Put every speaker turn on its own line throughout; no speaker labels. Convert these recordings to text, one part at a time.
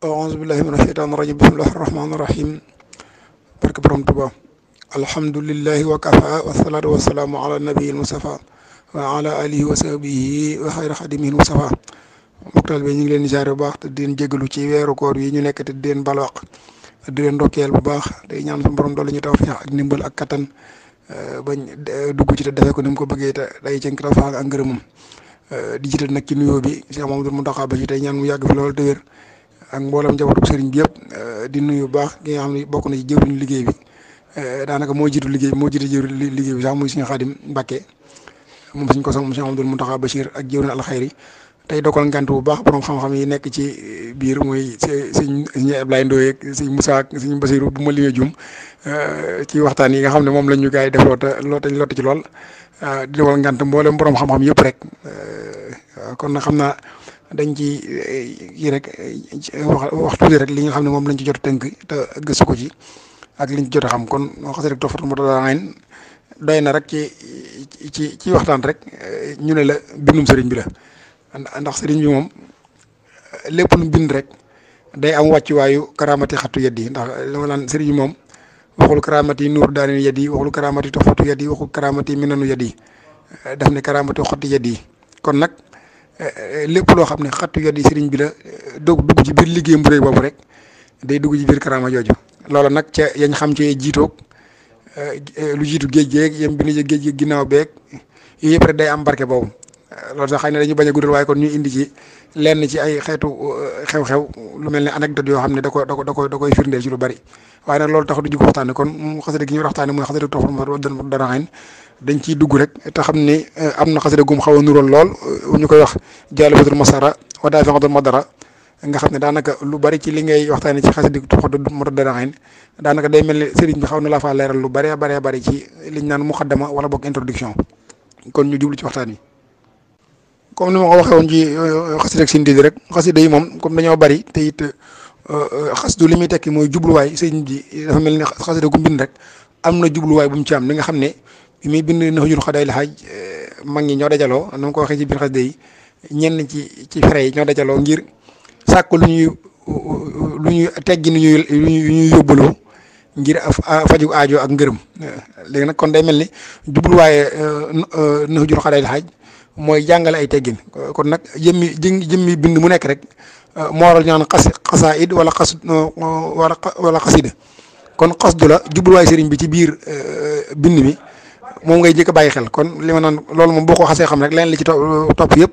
أعوذ بالله من الشيطان الرجيم بسم الله الرحمن الرحيم بارك برحمة الحمد لله وكفى والصلاة والسلام على النبي المصطفى وعلى آله وصحبه وخير خادمه المصطفى مقتل بين لين جار باخ تدين جيغلو تي ويرو كور وي ني نيك تدين بالوق تدين روكيل بو باخ داي نيان سون بروم دولي ني توفيق اك نيمبل اك كاتان آه، باغ دوجو تي دافي كو نيم كو بغي تا داي جينك رافا ان غريمم آه، ديجيتال نك نيو بي شيخ محمد المنتخب بي تاي نيان مو ياغ في لول توير ak mboolem njabootu sëriñ bi yëpp eh, di nuyu bu baax gi nga xam ne bokk na ci liggéey eh, daanaka moo jiitu liggéey bi moo jiitu jëwriñ liggéey bi sax muy suñu xaadim Mbàkke moom suñ ko soxla mu Cheikh Amadou Mountakha Bachir ak jëwriñ alxayri tey dogal ngant bu baax borom xam yi nekk ci eh, biir muy sëñ sëñ Ablaye Ndoye ak sëñ Moussa ak sëñ bu ma limee jum ci waxtaan yi nga xam ne moom lañ ñu gars yi def ta lootañ loota ci lool di dogal ngant mboolem borom xam-xam yëpp rek kon na xam naa dañ ci yi eh, rek eh, wax wax tuuti rek li nga xam ne moom lañ ci jot a tënk te ko ci ak liñ ci jot a xam kon xasida Tuhfatul Mutadawwinin doy na rek ci ci ci waxtaan rek eh, ñu ne la bindum sëriñ bi la ndax sëriñ bi moom lépp lu bind rek day am wàccuwaayu karaamati xattu yeddi ndax li ma naan sëriñ bi moom waxul karaamati nuur daani yeddi waxul karaamati Tuhfatu yeddi waxul karaamati minanu yeddi daf ne karaamati xotti yeddi kon nag. Eh, eh, lépp loo xam ne xattu yot yi sëriñ bi la eh, dog dugg ci biir liggéeyam bu boobu rek day dugg ci biir karaama jooju loola nag ca yañ xam ci jiitoog lu jiitu géej géeg yam bi nu géej gi ginnaaw beeg yooyu yëpp rek day am barke boobu loolu sax xëy na dañu bañ a guddal waaye kon ñu indi ci lenn ci ay xeetu xew-xew lu mel ne anecdote yoo xam ne da ko da ko da ko da koy firndeel ci lu bari waaye nag loolu tax du ñu ko kon mu xasida gi ñuy waxtaane muy xasida toxul ma doon dana xayn dañ ciy dugg rek te xam ne eh, am na xasida gum xaw a nuróol lool eh, ñu koy wax ma jaalibatul masara wa ma dara nga xam ne daanaka lu bari ci li ngay waxtaanee ci xasida tuxatu mata daraxin daanaka day mel ne sëriñ xaw na la faa leeral lu bari bari bari ci liñ naan muqaddama wala bokk introduction kon ñu jublu ci waxtaan wi comme ni ma ko waxee woon ci eh, xasida ak sindi rek xasida yi moom comme dañoo bari te it xasdu li muy tekki mooy jubluwaay sëriñ bi mel ni xasida gu rek am na jubluwaay bu mu ci am li nga xam ne bi muy bind Nahjul Xadaa'il Haaj eh, mag ñi ñoo dajaloo nu mu ko waxee ci biir xasida yi ñenn ci ci fere yi ñoo dajaloo ngir sàkk lu ñuy lu ñuy teggi nu ñuy lu yóbbaloo ngir faju aajo ak ngërëm léegi nag kon day mel ni jubluwaaye eh, eh, Nahjul Xadaa'il Haaj mooy jàngale ay teggin kon nag jëmmi jëmmi bind mu nekk rek moo waral ñu naan xas xasaid wala xas wala wala xasida kon xasdu la jubluwaay sëriñ bi ci biir bind mi moom ngay jëk bayyi xel kon li ma naan loolu moom boko ko xam rek leen li ci top yëpp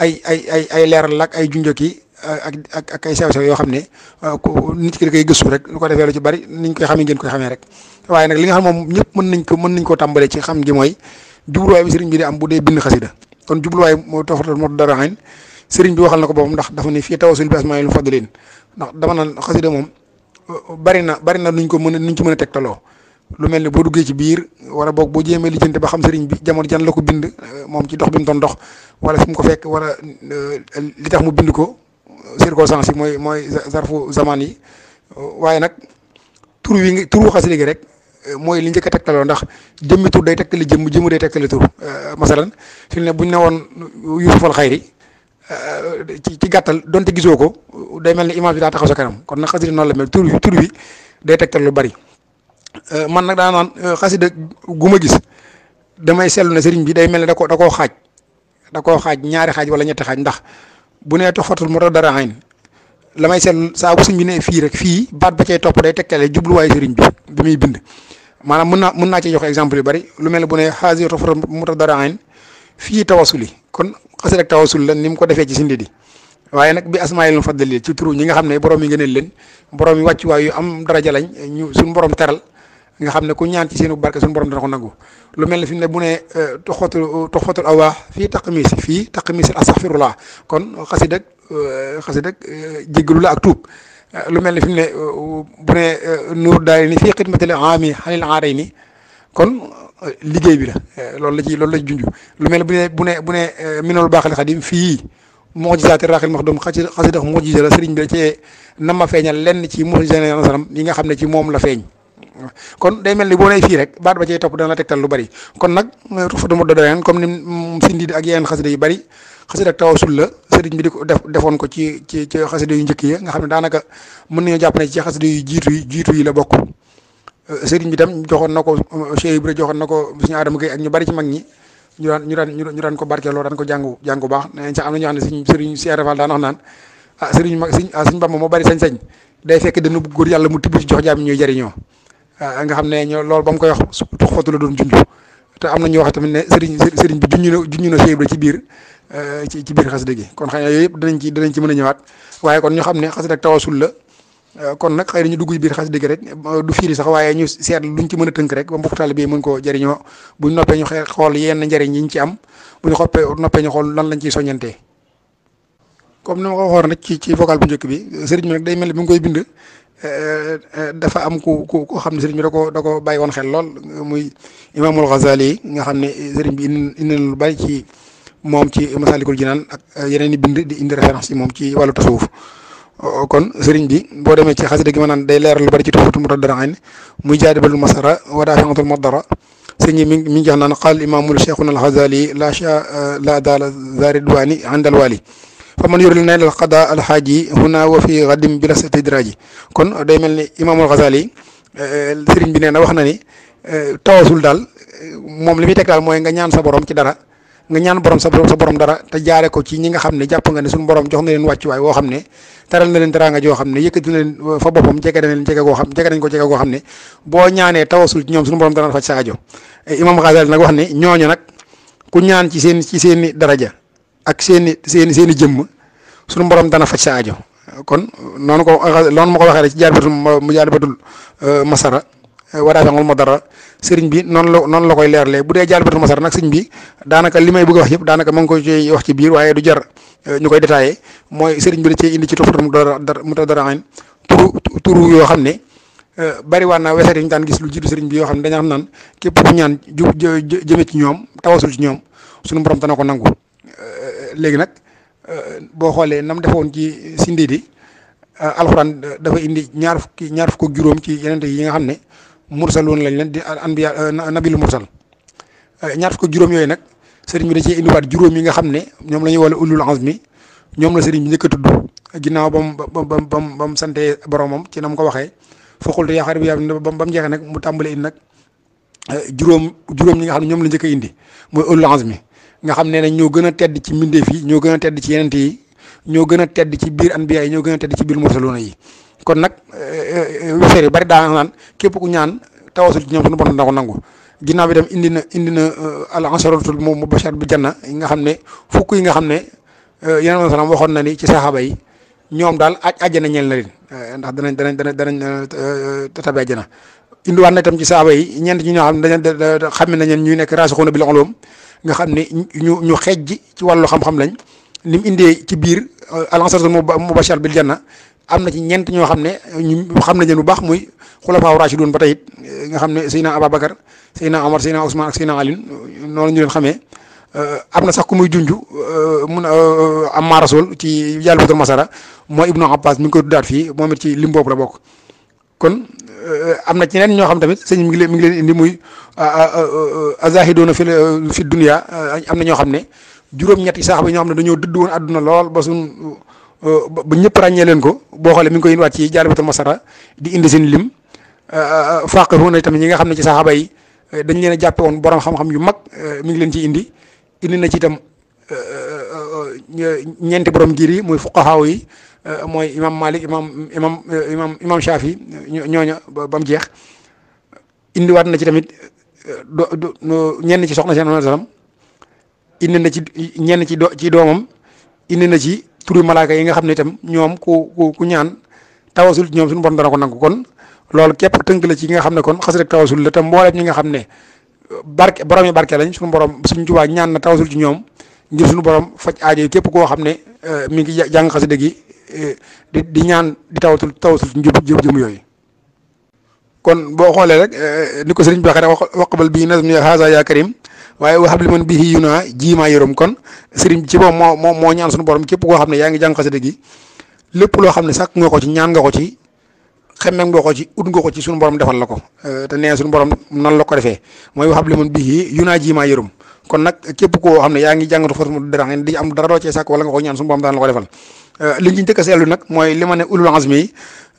ay ay ay ay leral lak ay junjo ki ak ak ay sew-sew yo xamne ne euh, nit ki da kay gëssu rek lu ko defé lu ci bari niñ koy xamé ngeen koy xamé rek waye nak li nga xam mom ñepp mën nañ ko mën nañ ko tambalé ci xam gi moy djublu way sëriñ bi di am bu dee bind xasida kon way mo tafatal mo dara hañ sëriñ bi waxal nako ko ndax dafa ni fi tawassul bi asmaul fadlin ndax dama nan xasida mom euh, bari na bari na nuñ ko mëna nuñ ci mëna tek talo lu mel ne boo duggee ci biir wala boog boo jéemee lijjanti ba xam sëriñ bi jamono jan la ko bind euh, moom ci dox bi mu doon dox wala fi mu ko fekk wala euh, li tax mu bind ko circonstance yi mooy mooy zarfu zaman yi euh, waaye nag tur wi nga turu xasida gi rek mooy li njëkk a tegtaloo ndax jëmmi tur day tegtali jëmm jëmm day tegtali tur masalan fi ne buñ ne woon yusufal xayri ci ci gàttal donte gisoo ko day mel ne image bi daa taxaw sa kanam kon nag xasida noonu la mel tur wi tur wi day tegtal lu bari Euh, man nak da nan euh, xasida gu ma gis damay seetlu ne serigne bi day mel dako dako ko dako xaj ñaari xaj wala ñet xaj ndax bu to toxatul mu dara hayn lamay sel sa bu serigne bi ne fi rek fi bat ba cey top day way serigne bi bi muy bind manam mën naa mën ci joxe exemple bari lu mel bu ne to toxatul mu dara hayn fi tawasuli kon xasida ak tawasul la ni ko defé ci sindi di waye nak bi asmaayil mufaddali ci turu ñi nga xamne borom yi ngeenel leen borom yi wàccuwaay yu am daraja lañ ñu suñu borom teral nga xam ne ku ñaan ci seenu barke suñu borom dana ko nangu lu mel ne fi mu ne bu ne toxfatul euh, toxfatul awaax fii taqmis fii taqmis astaghfirullah kon xasida euh, xasida euh, jéggalu la ak tuub lu mel ne fi mu ne bu ne nuur daal ni fii xidmatil aami xanil aaray ni kon liggéey bi la loolu la ci loolu la ci lu mel ne bu ne bu ne bu ne minal baaxil xadim fii mujizaati raaxil max doom xasida xasida mujiza la sëriñ bi da cee nama feeñal lenn ci mujiza yi nga xam ne ci moom la feeñ kon day mel ni boo nee fii rek baat ba cay topp dana la tegtal lu bari kon nag euh, rufa dama comme ni sindi ak yeneen xasida yu bari xasida ak tawasul la sëriñ bi di ko def defoon ko ci ci ci xasida yu njëkk yi nga xam ne daanaka mën nañoo jàpp ne ci xasida yu yi jiitu yi la bokk euh, sëriñ bi tam joxoon na ko euh, Cheikh Ibra na ko suñu Adama Gueye ak ñu bari ci mag ñi ñu daan ñu daan ñu daan ko barkeeloo daan ko jàngu jàngu baax nañ sax am na ñoo xam ne suñ sëriñ Cheikh Fall daan wax naan ah sëriñ mag suñ ah Bamba moo bari sañ-sañ day fekk dana góor yàlla mu tibb ci jox jaam ñuy jariñoo Ah, nga xam ne ñoo loolu ba mu koy wax tux la doon junj te am na ñu wax tamit ne sëriñ sëriñ bi junj na junj na Cheikh ci biir eh, ci ci biir xas gi kon xëy na ci danañ ci mën a ñëwaat waaye kon ñu xam ne xasida ak tawasul la eh, kon nag xëy na ñu dugg ci biir xasida gi rek eh, du fiiri sax waaye ñu seet luñ ci mën a tënk rek ba mbokk taalibe bi mën koo jëriñoo buñ noppee ñu xool yenn njëriñ yiñ ci am buñ xoppee noppee ñu xool lan lañ ciy soññantee comme ni ma ko waxoon rek ci ci vocal bu njëkk bi sëriñ bi nag day mel ni bi nga koy bind dafa am ku ku koo xam ne sëriñ bi da ko da ko bàyyi woon xel lool muy imaamul Ghazali nga xam ne sëriñ bi indi lu bari ci moom ci Masaalikul Jinaan ak yeneen i bind di indi référence yi moom ci wàllu tasawuf kon sëriñ bi boo demee ci xasida gi ma naan day leeral lu bari ci Tuhfatul Mutadarri'in muy jaadibatul masara wa daafi'atul madara sëñ mi mi ngi jox naan qaal imaamul cheikhuna al Ghazali la sha la daala zaridwani andal wali faman yuril nail al qada al haji huna wa fi ghadim bila kon day melni imam al ghazali eh, serigne bi neena waxna ni eh, tawasul dal eh, mom limi tek dal moy nga ñaan sa borom ci dara nga ñaan borom sa borom sa borom dara te jaare ko ci ñi nga xamne japp nga ne sun borom jox na len waccu way wo xamne taral na len dara nga jo xamne yëkëti len fa bopam jégué na len jégué go xam jégué nañ ko jégué go xamne bo ñaané tawassul ci ñom sun borom dara fa ci imam ghazali nak wax ni ñoñu nak ku ñaan ci seen ci seen daraja ak seeni seeni seeni jëm suñu borom dana fa ci aajo kon non ko noonu mako waxe ci jaarbatul mu jaarbatul euh, masara euh, wara fa ngul dara serigne bi non la non la koy leerlee bu jaarbatul masara nak serigne bi danaka limay bëgg wax yëpp danaka ma ngi koy ci wax ci biir waye du jar euh, ñukoy détaillé moy serigne bi da ci indi ci tofu mu dara mu dara en turu turu yo xamné bari wana naa weesari tan gis lu jiddu serigne bi yo xamné ne nan képp ku ñaan ju jëme ci ñom tawasul ci ñom suñu borom dana ko nangul Euh, léegi nag euh, boo xoolee nam defoon ci si ndiidi euh, alxuraan dafa indi ñaar fukki ñaar fukk juróom ci yeneen yi nga xam ne mursaloon lañ leen di anbiya nabilu mursal ñaar fukk ak juróom yooyu nag sëriñ bi da ci indiwaat juróom yi nga xam ne ñoom la ñuy wala ulul azmi ñoom la sëriñ njëkk tudd ginnaaw ba mu ba mu ba mu sante boromam ci na mu ko waxee foqul te yaakaar bi yàlla ba mu jeexee nag mu tàmbale indi nag juróom juróom ñi nga xam ne ñoom la njëkk indi mooy ulul mi nga xam ne ñoo gën a tedd ci mbindeef yi ñoo gën a tedd ci yenent yi ñoo gën a tedd ci biir anbiya yi ñoo gën a tedd ci biir mursaluna yi kon nag eh, eh, eh, wiseer yu bari daa naan képp ku ñaan tawasul ci ñoom suñu borom dina ko nangu ginnaaw bi dem indi na indi na al ansaratul mu mubashar bi janna yi nga xam ne fukk yi nga xam ne yeneen salaam waxoon na ni ci saxaaba yi ñoom daal aj àjjana ñeel na leen ndax danañ danañ danañ danañ tabe àjjana indiwaat na itam ci saxaaba yi ñeent ñi ñoo xam ne dañu xam nañ ñuy nekk raasixuuna bil ulum nga xam ne ñu ñu xejji ci wàllu xam-xam lañ lim indee ci biir euh, al-ansaratul mubashar bil janna am na ci ñeent ñoo xam ne ñu xam nañ leen bu baax muy xulafaaw rashidun ba tey it euh, nga xam ne Seydina Ababacar Seydina Omar Seydina Ousmane ak Seydina Ali euh, noonu ñu leen xamee am na sax ku muy junj a Amma Rasul ci Jalbatul Masara mooy Ibnu Abbas mi ngi koy tuddaat fii moom it ci lim boobu la bokk kon Euh, am na ci ñeneen ñoo xam tamit sëñ mi ngi leen mi ngi leen indi muy azahidoona fi fi dunya euh, am na ñoo xam ne juróom-ñetti saxaaba ñoo xam ne dañoo dëdd àdduna lool ba suñ euh, ñëpp ràññee leen ko boo xoolee mi ngi koy indiwaat ci jaalibatul masara di indi seen lim faaqihuuna tamit ñi nga xam ne ci saxaaba yi dañ leen a borom xam yu mag mi ngi leen ciy indi indi na ci itam ñeenti borom ngir yi mooy fuqahaaw yi Euh, mooy imam Malik imam imam euh, imam imam Shafi ñooñu ba mu jeex indiwaat na ci tamit euh, ñenn ci soxna seen a indi na ci ñenn ci ci doomam indi na ci turu malaaka yi nga xam ne itam ñoom ku ku ku ñaan tawasul ñoom suñu borom dana ko nangu kon loolu képp tënk la ci nga xam ne kon xas rek tawasul la te ñi nga xam ne barke borom yi barke lañ suñu borom suñ tubaa ñaan na tawasul ci ñoom ngir suñu borom faj aajo yi képp koo xam ne mi ngi jàng xasida gi di ñaan di sul di tawatul tawatul njub jëm yooyu kon boo xoolee rek eh, ni ko sëriñ bi waxee rek wax waqbal bii nazmi haza ya karim waaye waxab li man bii yuna jiimaa yërëm kon sëriñ bi ci moom moo moo moo ñaan suñu borom képp koo xam ne yaa ngi jàng xasida gi lépp loo xam ne sàkk nga ko ci ñaan nga ko ci xemmeeg nga ko ci ut nga ko ci suñu borom defal la ko eh, te nee suñu borom nan la ko defee mooy waxab li man bii yuna jiimaa yërëm kon nag képp koo xam ne yaa ngi jàngatu Fathul Mudabbar di am dara doo cee sàkk wala nga ko ñaan suñu borom daan la ko defal euh, li ñu ci njëkk a nag mooy li ma ne ulul azmi yi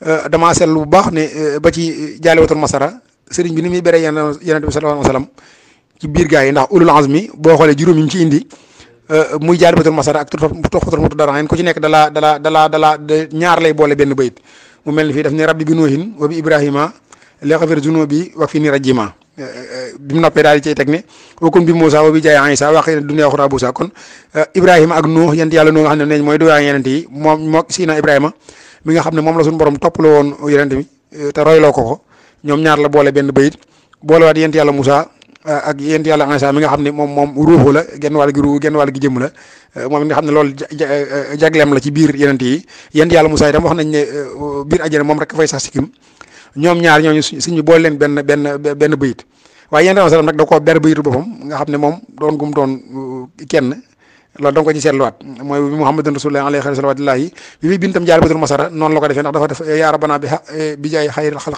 euh, damaa seetlu bu baax ne euh, ba ci jaaliwatul masara sëriñ bi ni muy béree yonent bi sallallahu alayhi wa sallam ci biir gaa yi ndax ulul azmi boo xoolee juróom yi ñu ci indi muy jaalibatul masara ak tuhfatul mutadarain ku ci nekk dalaa dalaa dalaa dalaa ñaar lay boole benn bayit mu mel ni fii daf ne rabbi bi nuuhin wa bi ibrahima li xafir zunubi wa Euh, euh, bi mu noppee daal di cay teg ne okun bi Moussa wa bi jaay Aïssa wax ne dunya uxra Buusa kon euh, ak Nuux yent yàlla noo xam ne neñ mooy doyaa yenente yi moom mook Sina Ibrahima mi nga xam ne moom la suñu borom toppaloo woon yenente mi te royloo ko ko ñoom ñaar la boole benn bayit boolewaat yent yàlla Moussa ak yent yàlla Aïssa mi nga xam ne moom moom ruuxu la genn wàll gi ruuxu genn wàll gi jëmm la moom nga xam ne loolu jagleem la ci biir yenente yi yent yàlla Moussa itam wax nañ ne biir àjjana moom rek fay sax sikkim ñoom ñaar ñooñu sëñ bi boole leen benn benn benn bayit waaye yéen tamit nag da koo ber bayitu boppam nga xam ne moom doon gum doon uh, kenn loolu da nga ko ci seetluwaat mooy bi Muhammadun Rasulullah alayhi xayri salawatullahi bi muy bintam la ko defee ndax dafa def yaa rabbana bi eh, bi eh, nga xam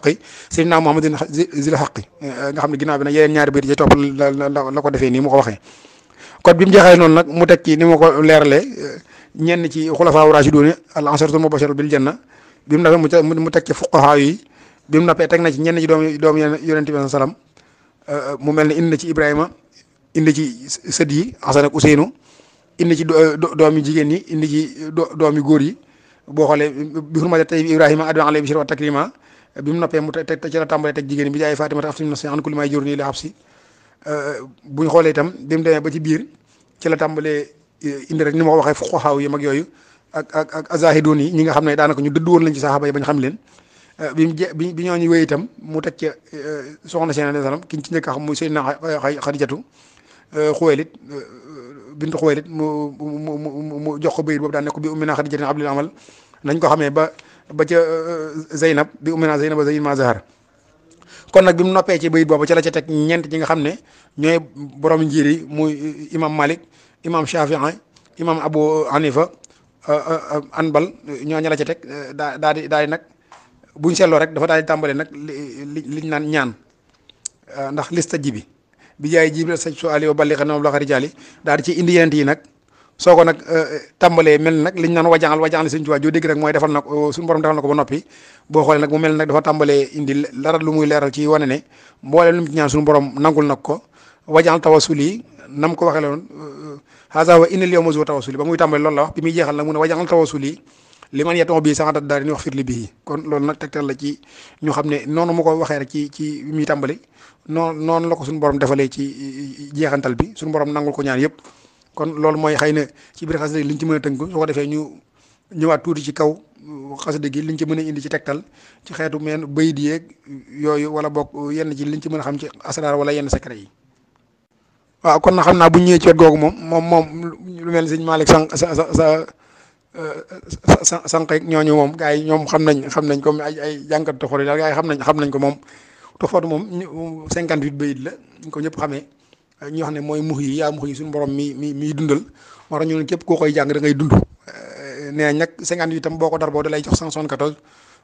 ne ginnaaw bi nag ñaari bayit yi topp la ko defee nii mu mu jeexee noonu nag mu teg ci ni ma ko leeralee eh, ñenn ci xulafaa rashidun al ansaratul mubashar bil janna bi mu mu teg yi bi mu noppee teg ci ñenn ci doom doom yonent bi salaam mu mel ne indi na ci Ibrahima indi ci sët yi Hasan ak Ousseynou indi ci doom yu jigéen ñi indi ci doom yu góor yi boo xoolee bi xurmata tey Ibrahima adwan alayhi bishir wa takrima bi mu noppee mu teg ci la tàmbalee teg jigéen bi jaay Fatima af suñu an kulli may jur nii si bu ñu xoolee itam bi ba ci biir ci la tàmbalee eh, indi rek ni ma ko waxee xoxaaw yi mag yooyu ak ak ak azahidun yi ñi nga xam ne daanaka ñu dëdd woon lañ ci saxaaba yi bañ xam leen Euh, bi mu je bi ñooñu wéy mu teg ci euh, soxna seen alayhi salaam ki ñu ci njëkk a xam muy Seydina Xadijatu euh, Xuwaylit bintu Xuwaylit mu mu mu mu jox ko bayit boobu daan ne ko bi ummina Xadijatin abdil amal nañ ko xamee ba ba ca Zeynab bi na Zeynab ba Zeynab a Zahar kon nag bi mu noppee ci bayit boobu ca la ca teg ñeent ñi nga xam ne ñooy borom njiir muy imam Malik imam Shafii imam Abu Hanifa Anbal ñooñu la ca teg daa daa di nag. buñ seetloo rek dafa daal di tàmbale nag li liñ naan ñaan euh, ndax lista ji bi bi jaay jibril saj su ali wa ballixa na moom la xarijaali daal di ci indi yenent yi nag soo ko nag euh, tàmbalee mel nag liñ naan wajaxal wajaxal sëñ Tuubaa joo dégg rek mooy defal na ko suñu borom defal na ko ba noppi boo xoolee nag mu mel nag dafa tàmbalee indi dara lu muy leeral ci wane ne mbooleem lu mu ci ñaan suñu borom nangul nag ko wajaxal tawasul yi nam ko waxee la woon xasa euh, wa inal yow ma zo tawasul yi la wax muy jeexal nag mu ne wajaxal tawasul yi li man bi bii sangatat daal di wax firli bii kon loolu nag tegtal la ci ñu xam ne noonu ma ko waxee rek ci ci muy tàmbali noonu noonu la ko suñu borom defalee ci jeexantal bi suñu borom nangul ko ñaan yëpp kon loolu mooy xëy na ci biir xasida gi liñ ci mën a tënk su defee ñu ñëwaat tuuti ci kaw xasida gi liñ ci mën a indi ci tegtal ci xeetu meen bayit yeeg yooyu wala bokk yenn ci liñ ci mën a xam ci asraar wala yenn secret yi waa kon na xam naa bu ñëwee ci wet googu moom moom moom lu mel ni sëñ Malick sa sa sa sànq ñooñu moom gars yi ñoom xam nañ xam nañ comme ay ay jàngat toxor yi daal gars yi xam nañ xam nañ ko moom toxor moom 58 bayit la ñu ko ñëpp xamee ñu xam ne mooy mux yi yaa mux yi suñu borom mi mi miy dundal moo tax ñu ne képp koo koy jàng da ngay dund nee nañ nag 58 itam boo ko dar boo da lay jox 174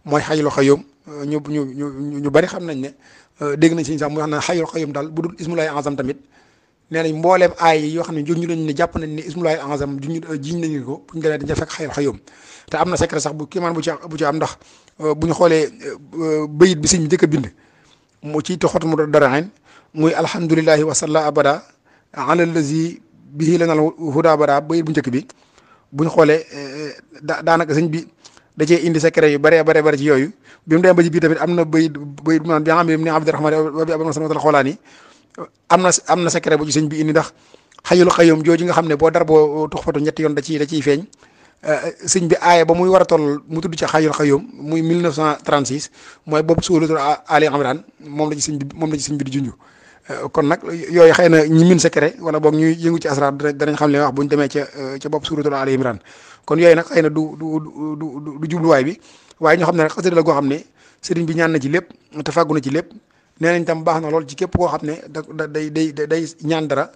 mooy xayul xayoom ñu ñu ñu ñu bari xam nañ ne dégg nañ si sax mu wax ne xayul xayoom daal bu dul ismu lay azam nee mbolem ay aay yi yoo xam ne juñu nañ ne jàpp nañ ne ismulaay enzam juñu jiñ nañ ko buñ demee dañ ca fekk xayal xayum te amna secret sax bu kiimaan bu ci bu ci am ndax buñu xolé beuyit bi señu bi bind mo ci taxot mu dara xen muy alhamdullilah wa salla abada ala allazi bihi lana huda bara beuyit bu njëkk bi buñu xolé da daanaka sëñ bi da cee indi secret yu bare bare bare ci yoyu bimu dem ba ci bi tamit amna beuyit beuyit bayit bu bi nga xam ne ni abdurrahman wa bi Abdurahman sama xoolaani am na am na secret bu ci sëñ bi indi ndax xayul xayum jooju nga xam ne boo dar boo tux fatu ñetti yoon da ciy da ciy feeñ euh, euh, sëñ bi aaye ba muy war a toll mu tudd ci xayul xayum muy 1936 mooy boobu suulatul Ali Imran moom la ci sëñ bi moom la ci sëñ di euh, kon nag yooyu xëy na ñi min secret wala boog ñuy yëngu ci asraar danañ xam li bu ñu demee ca ca bopp suuratul Ali Imran kon yooyu nag xëy du du du du jubluwaay bi waaye ñoo xam ne rek xasida la goo xam ne sëriñ bi ñaan na ci lépp te fàggu na ci lépp nee nañ tam baax na lool ci képp koo xam ne da day day day ñaan dara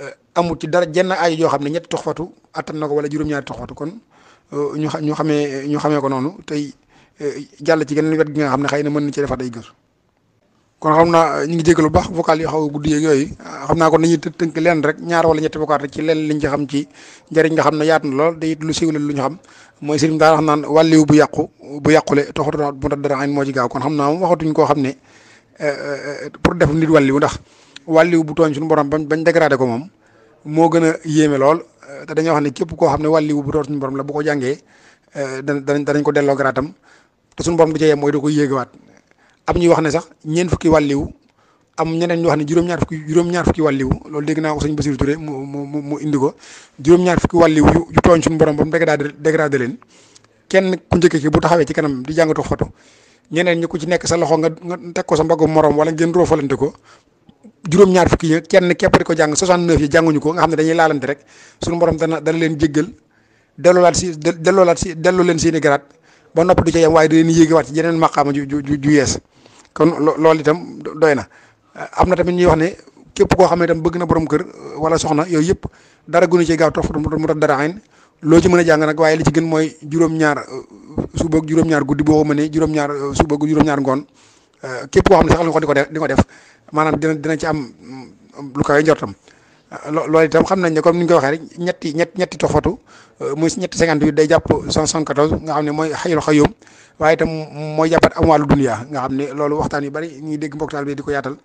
euh, amul ci dara jenn ay joo xam ne ñett toxfatu attan na ko wala juróom-ñaari toxfatu kon euh, ñu ñu xamee ñu xamee ko noonu tey euh, jàll ci geneen wet gi nga xam ne xëy na mën na ci defaat ay gër kon xam naa ñu ngi jégalu lu baax vocal yi xaw a gudd yeeg yooyu ah, xam naa kon dañuy tënk leen rek ñaar wala ñetti vocal rek ci leen liñ ci xam ci njëriñ nga xam ne yaatu na lool day it lu siiw la lu ñu xam mooy sëriñ daal xam naan wàlliw bu yàqu bu yàqule toxatu bu ta dara an moo ci gaaw kon xam naa moom waxatuñ koo xam ne Euh, euh, pour def nit wàlliwu ndax wàlliwu bu tooñ suñu borom bañ bañ dégradé ko moom moo gën a lool euh, dañoo wax ne képp koo xam ne wàlliwu bu tooñ suñu la bu ko jàngee danañ danañ ko delloo garaatam te suñu borom du ca mooy da ko yéegawaat am ñuy wax ne sax ñeent fukki wàlliwu am ñeneen ñu wax ne juróom-ñaar fukki juróom-ñaar fukki wàlliwu loolu dégg naa ko sëñ Basiru Touré mu mu mu indi ko juróom-ñaar fukki wàlliwu yu tooñ suñu borom ba mu dégradé dégradé leen kenn ku njëkk ki bu taxawee ci kanam di jàngatu foto ñeneen ñi ku ci nekk sa loxo nga nga teg ko sa mbaggu morom wala ngeen roofalante ko juróom-ñaar fukki yi kenn képp di ko jàng 69 yi jànguñu ko nga xam ne dañuy laalante rek suñu morom dana dana leen jéggal delloolaat si delloolaat si delloo leen seeni garaat ba noppi du ca yem waaye da leen yéegiwaat ci yeneen maqaama ju ju ju yees kon lool itam doy na am na tamit ñuy wax ne képp koo xam ne itam bëgg na borom kër wala soxna yooyu yëpp dara gënu ci gaaw toog mu dara ayn loo ci mën a jàng nag waaye li ci gën mooy juróom-ñaar suba juróom-ñaar guddi boo ko mënee juróom-ñaar suba juróom-ñaar ngoon eh, képp koo xam ne sax la ko di ko def di ko def maanaam dina ci am mm, lu kawe njortam eh, lo loolu itam xam nañ ne comme ni ñu ko waxee rek ñetti ñetti ñetti toxfatu eh, muy ñetti cinquante huit day jàpp cent soixante-quatorze nga xam ne mooy xayul xayum waaye tam mooy jàppat am wàllu dunya nga xam ne loolu waxtaan yu bari ñuy dégg mbokk bi di ko yaatal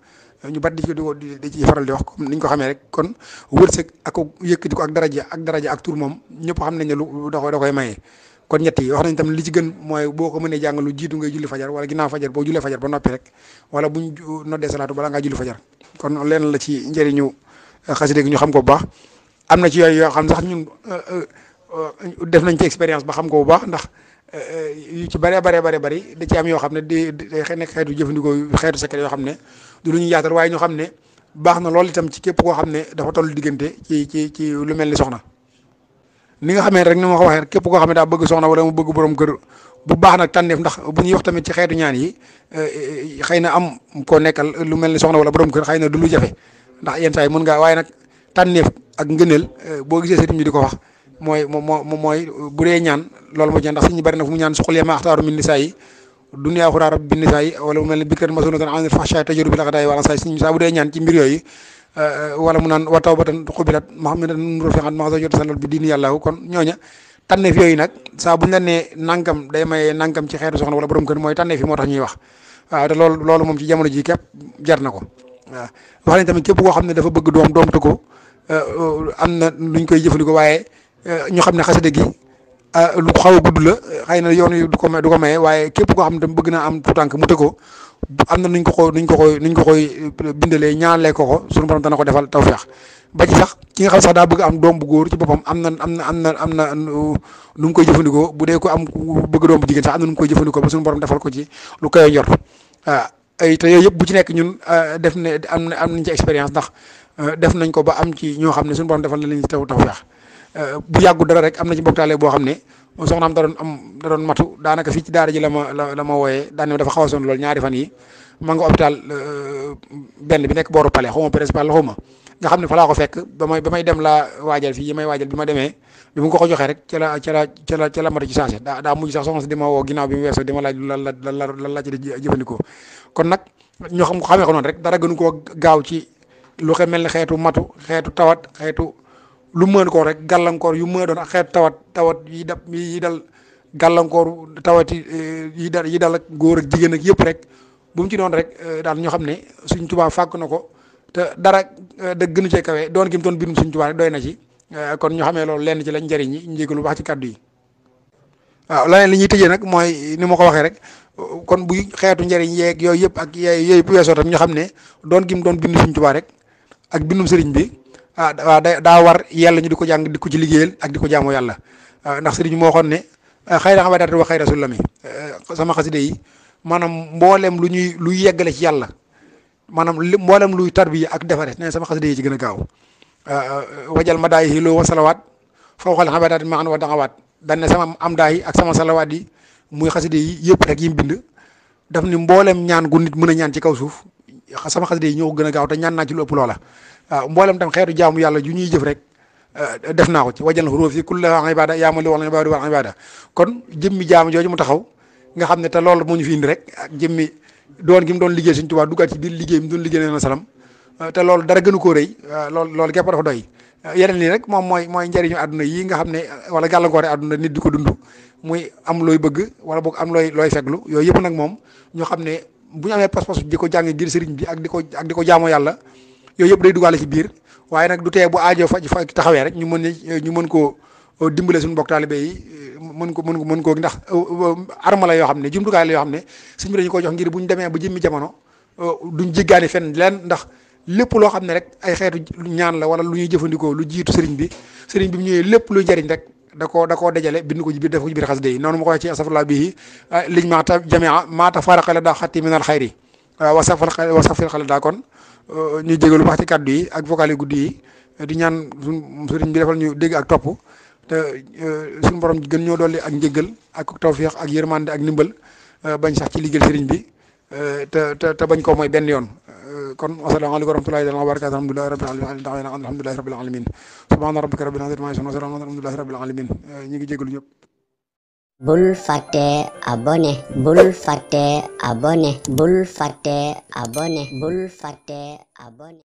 ñu bat di ci ko di ci faral di wax comme niñ ko xamé rek kon wërsek ak yëkkati ko ak daraja ak daraja ak tour mom ñëpp xam nañ lu da koy da koy mayé kon ñett yi wax nañ tam li ci gën moy boko mëne mënee jàng lu jiitu ngay julli fajar wala ginaaw fajar bo julle fajar ba noppi rek wala buñ noddé salatu bala nga julli fajar kon lén la ci njëriñu euh, xaside gi ñu xam ko bu baax amna ci yoy yo xam sax ñun euh, euh, def nañ ci expérience ba xam ko bu baax ndax yu ci bare bare bare bari da ci am yo xamne ne di day nekk xeetu jëfandikoo xeetu secret yoo xam du ñu yaatal waaye ñu xam ne baax na lool itam ci képp koo xam ne dafa toll diggante ci ci ci lu mel ni soxna ni nga xamee rek ni ma ko waxee képp koo xam ne daa bëgg soxna wala mu bëgg borom kër bu baax nag tànneef ndax bu ñuy wax tamit ci xeetu ñaan yi eh, eh, xëy na am koo nekkal lu mel ni soxna wala borom kër xëy na du lu jafe ndax yenn mën ngaa waaye nag tànneef ak ngëneel eh, boo gisee sëriñ bi di ko wax mooy moo moo mooy bu dee ñaan loolu moo a ñaan ndax suñu bari na fu mu ñaan suqalee ma axtaaru min nisaa yi dunya xuraa rab bi nisaay wala mu mel ne bikkat masunatan anil fahshaay tajur bil aqdaay wala saay suñ saa dee ñaan ci mbir yooyu eh, wala mu naan wa tawbatan xubilat muhammadan rafiqan ma jot salal bi diini yàllaahu la nee nangam day maye nangam ci xeetu soxna wala borom kër mooy tànneef yi moo tax ñuy wax waaw te loolu loolu moom ci jamono ji képp jar ko waaw wax nañ tamit képp koo xam ne dafa bëgg doom doom te eh, ko am na luñ koy jëfandikoo waaye eh, ñu xam ne xasida gi Ah, lu xaw a gudd la xëy na yoon yu du ko du ko maye waaye képp koo xam ne bëgg naa am tuutànk mu tëggoo am na nuñ ko ko nuñ ko koy nuñ ko koy euh, bindalee ñaanalee ko ko suñu borom dana ko defal tawféex ba ci sax ki nga xam sax daa bëgg am doom bu góor ci boppam am na am na am na am na euh, nu mu koy jëfandikoo bu dee ko am bëgg doom bu jigéen sax am na nu mu koy jëfandikoo ba suñu borom defal ko ci lu koy njort waaw ah, ay te yooyu yëpp bu ci nekk ñun ah, def ne am na am nañ ci expérience ndax euh, def nañ ko ba am ci ñoo xam ne suñu borom defal na leen ci taw tawféex Euh, bu yàggu dara rek am na ci mboktaale boo xam ne soxnaam da doon am matu daanaka fii ci daara ji la ma la la ma wooyee daan dafa xaw a sonn lool ñaari fan yi ma nga hôpital euh, benn bi nekk booru Palais xaw ma principal la xaw ma nga xam ne fa laa ko fekk ba may ba may dem laa waajal fii may waajal bi ma demee bi mu ko ko joxee rek ca la ca la ca la ca la matu ci saase daa daa mujj sax soxna si di ma woo ginnaaw bi mu weesoo di ma laaj lan la lan la lan la ci di jëfandikoo kon nag ñoo xam xamee ko rek dara gënu koo gaaw ci lu mel ne xeetu matu xeetu tawat xeetu lu mën koo rek gàllankoor yu mën doon ak xeet tawat tawat yi dab yi dal gàllankoor tawat yi dal yi dal ak góor ak jigéen ak yëpp rek bu mu ci doon rek daal ñoo xam ne suñ tubaa fàkk na ko te dara da gënu cee kawe doon gi mu doon binum Sëriñ Tuubaa rek na ci kon ñu xamee lenn ci lañ njëriñ ñi njégalu wax ci kàddu yi waaw leneen li ñuy tëjee nag mooy ni ma ko waxee rek kon bu xeetu njëriñ yeeg yooyu yëpp ak yooyu yëpp weesoo tam xam ne doon gi mu doon bindu Sëriñ Tuubaa rek ak bindum sëriñ bi Ah, ah, daa war yàlla ñu di ko jàng di ci ak di ko jaamu yàlla ah, ndax sëriñ moo xoon ne xayra xabadaati wa xayra sulami sama xaside yi maanaam mboolem lu ñuy luy yeggale ci yàlla maanaam tarbiya ak defare nee sama xaside yi ci gën gaaw wajal ma daay loo wa salawaat foo wa dangawaat dan ne sama am daay ak sama salawaat yi muy xaside yi yëpp rek yim bind daf ni mboolem ñaan gu nit mën ñaan ci kaw suuf sama xaside yi ñoo ko gaaw te ñaan ci lu ëpp waaw ah, mboolem tam xeetu jaamu yàlla ju ñuy jëf rek ah, def naa ko ci wajal xuruuf yi kulla ibada yaa ma li wala ibada wala ibada kon jëmmi jaamu jooju mu taxaw nga xam ne te loolu moo ñu fi indi rek ak jëmmi doon gi mu doon liggéey suñ tubaab duggaat ci biir liggéey mu doon liggéey na salam ah, te loolu dara gënu koo rëy loolu loolu gépp dafa doy yeneen lii rek moom mooy mooy njëriñu àdduna yi nga xam ne wala gàllankoore àdduna nit di ko dund muy am looy bëgg wala boog am looy looy feglu yooyu yëpp nag moom ñu xam ne bu ñu amee pas-pas di ko jàng ngir sëriñ bi ak di ko ak ko jaamoo yàlla yooyu yëpp day dugaale ci biir waaye nag du tee bu aajo faj fa taxawee rek ñu mën ñu mën koo euh, dimbale suñu mbokk taalibe yi euh, mën ko mën ko mën koo ndax euh, arme yoo xam ne jumtukaay la yoo xam ne suñ bi dañu ko jox ngir bu ñu demee ba jëmmi jamono duñ jéggaani fenn leen ndax lépp loo xam ne rek ay xeetu ñaan la lu ñuy jëfandikoo lu jiitu sëriñ bi sëriñ bi mu ñëwee lépp luy jariñ rek da koo da koo dajale bind ko ci biir def ko ci biir xasida yi noonu ma ko waxee ci asafurlah bii liñ maata jamia maata faraqale daa xatti minal xayri waaw euh, wasafal xel wasafal xel daa kon euh, ñuy jégalu wax ci kàddu yi ak vocal guddi yi di ñaan suñ bi defal ñu dégg ak topp te euh, suñu borom gën ñoo dolli ak njëggal ak tawféex ak yërmande ak ndimbal bañ sax ci liggéey sëriñ bi te te te bañ koo benn yoon kon wasalaamaaleykum wa rahmatulahi taala wa barakatu alhamdulilahi rabbil alamin alhamdulilahi rabbil alamin subhana ma yasifun wa salamun alhamdulilahi rabbil alamin ñu ngi jégalu ñëpp Bulfate abone, Bulfate abone, Bulfate abone, Bulfate abone.